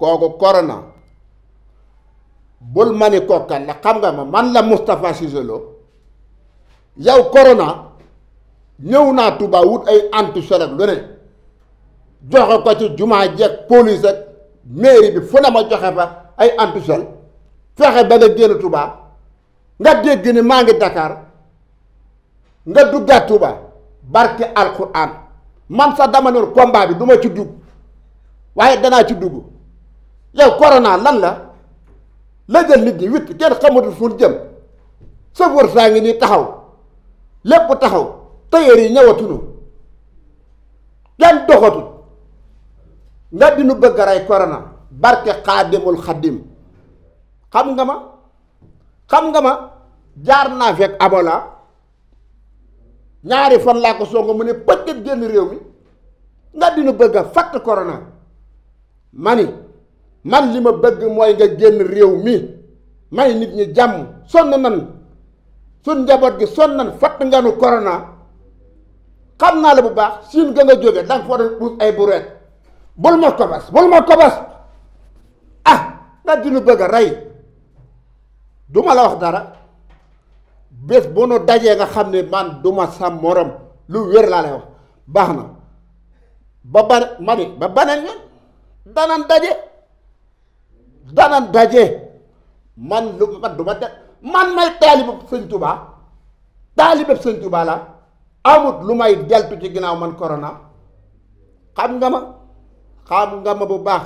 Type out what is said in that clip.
kooku korona bul mani kokkan la xam nga ma man la Moustapha Cissé Lo yow korona ñëw naa Touba wut ay antu serek lu ne joxe ko ci jumaa jeeg police ak mairie bi fu ne ma joxe fa ay antu fexe ba nga génn Touba nga dégg ni maa ngi dakaar nga duggaat Touba barke alquran man sa dama ne woon bi duma ci dugg waaye danaa ci dugg yow corona lan la la jël nit ñi witt kenn xamatul fu jëm sofër saa ngi nii taxaw lépp taxaw tailleur yi ñëwatuñu kenn doxatul nga dinu bëgg rey corona barke xaadimul xaddim xam nga ma xam nga ma jaar naa fekk abola ñaari fan laa ko songo mu ne peut génn réew mi nga dinu bëgg a fatt corona mani man li ma bëgg mooy nga génn réew mi may nit ñi jàmm sonn nan suñ njaboot gi sonn nan fatt nga nu corona xam naa la bu baax siin ga nga jóge danga fa doon uus ay bureet bul ma kobas bul ma kobas ah nga dinu bëgg a rey duma la wax dara bés bu nu dajee nga xam ne man duma sa morom lu wér laa lay wax baax na ba ba ma ni ba baneen yoon danan daje dana daje man lu man du ma def man may taaliba sëñ Touba taaliba sëñ Touba la amut lu may deltu ci ginnaaw man corona xam nga ma xam nga ma bu baax.